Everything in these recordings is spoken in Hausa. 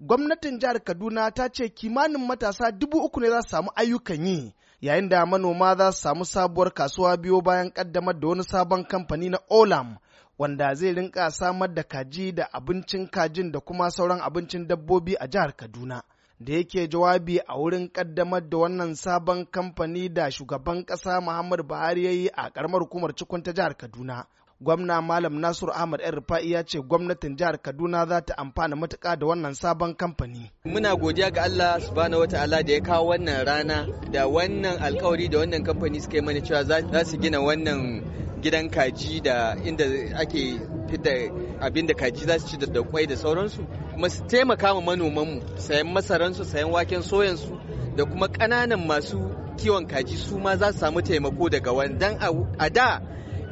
gwamnatin jihar Kaduna ta ce kimanin matasa dubu uku ne za su samu ayyukan yi yayin da manoma za su samu sabuwar kasuwa biyo bayan kaddamar da wani sabon kamfani na Olam wanda zai rinka samar da kaji da abincin kajin da kuma sauran abincin dabbobi a jihar Kaduna. Da yake jawabi a wurin kaddamar da wannan sabon kamfani da shugaban ƙasa Muhammadu Buhari ya yi a ƙaramar hukumar cikon ta jihar Kaduna, gwamna malam nasiru ahmad yan rufa'i ya ce gwamnatin jihar kaduna za ta amfana matuka da wannan sabon kamfani muna godiya ga allah su wata ala da ya kawo wannan rana da wannan alkawari da wannan kamfani suka yi mana cewa za su gina wannan gidan kaji da inda ake fita abin da kaji za su ci da kwai da sauransu Masu taimaka ma manomanmu sayan masaransu sayan waken soyansu da kuma ƙananan masu kiwon kaji su ma za su samu taimako daga wani a da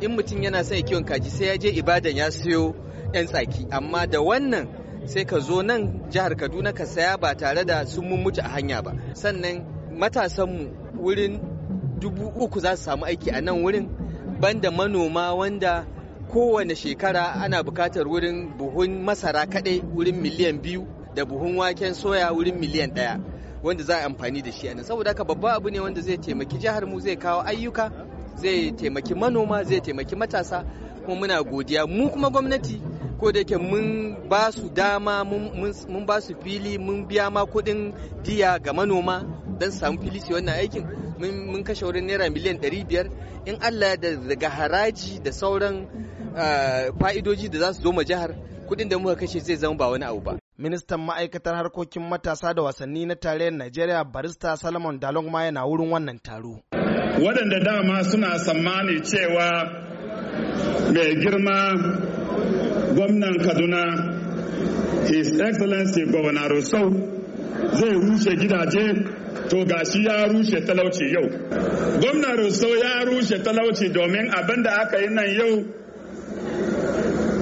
in mutum yana son kiwon kaji sai ya je ibadan ya siyo 'yan tsaki amma da wannan sai ka zo nan jihar kaduna ka saya ba tare da sun mutu a hanya ba sannan matasanmu wurin dubu uku za su samu aiki a nan wurin banda manoma wanda kowane shekara ana bukatar wurin buhun masara kaɗai wurin miliyan biyu da buhun waken soya wurin miliyan ɗaya wanda za a amfani da shi a nan saboda haka babba abu ne wanda zai taimaki jihar mu zai kawo ayyuka zai taimaki manoma zai taimaki matasa kuma muna godiya mu kuma gwamnati ko da yake mun ba su dama mun ba su fili mun biya ma kuɗin diya ga manoma don samu fili su wannan aikin mun kashe wurin naira miliyan 500 in allah da daga haraji da sauran ah, fa'idoji da za su zo ma jihar kuɗin da muka kashe zai zama ba wani abu ba ministan ma'aikatar harkokin matasa da wasanni na tarayyar najeriya barista salomon dalong yana wurin wannan taro waɗanda dama suna tsammani cewa mai girma gwamnan kaduna his excellency governor rousseau zai rushe gidaje to gashi ya rushe talauci yau gwamnan rousseau ya rushe talauci domin abin da aka yi nan yau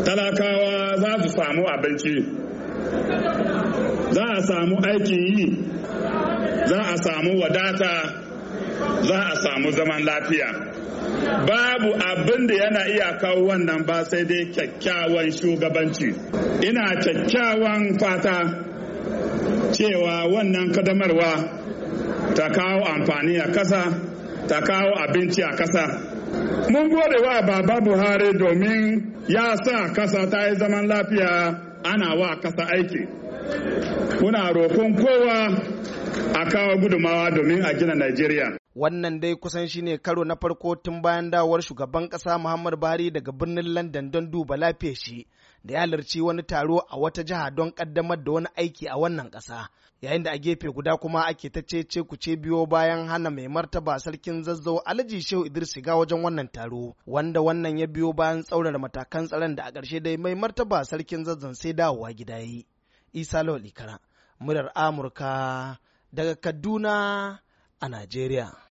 talakawa za su samu abinci za a samu aikin yi za a samu wadata za a samu zaman lafiya babu abin da yana iya kawo wannan ba sai dai kyakkyawan shugabanci ina kyakkyawan fata cewa wannan kadamarwa ta kawo amfani a ƙasa ta kawo abinci a ƙasa mun gode wa baba buhari domin ya sa ƙasa ta yi zaman lafiya ana wa ƙasa aiki muna roƙon kowa a kawo gudumawa domin a gina najeriya Wannan dai kusan shine karo na farko tun bayan dawar shugaban Kasa Muhammad Buhari daga birnin London don duba lafiya shi da ya halarci wani taro a wata jiha don kaddamar da wani aiki a wannan kasa. Yayin da a gefe guda kuma ake ta cece ce biyo bayan hana mai martaba sarkin zazzau Alhaji Shehu Idris shiga wajen wannan taro, wanda wannan ya biyo bayan tsaurara matakan tsaron da a ƙarshe dai mai martaba sarkin zazzau sai dawowa gida yi. Isa Lawal Ikara, murar Amurka daga Kaduna a Najeriya.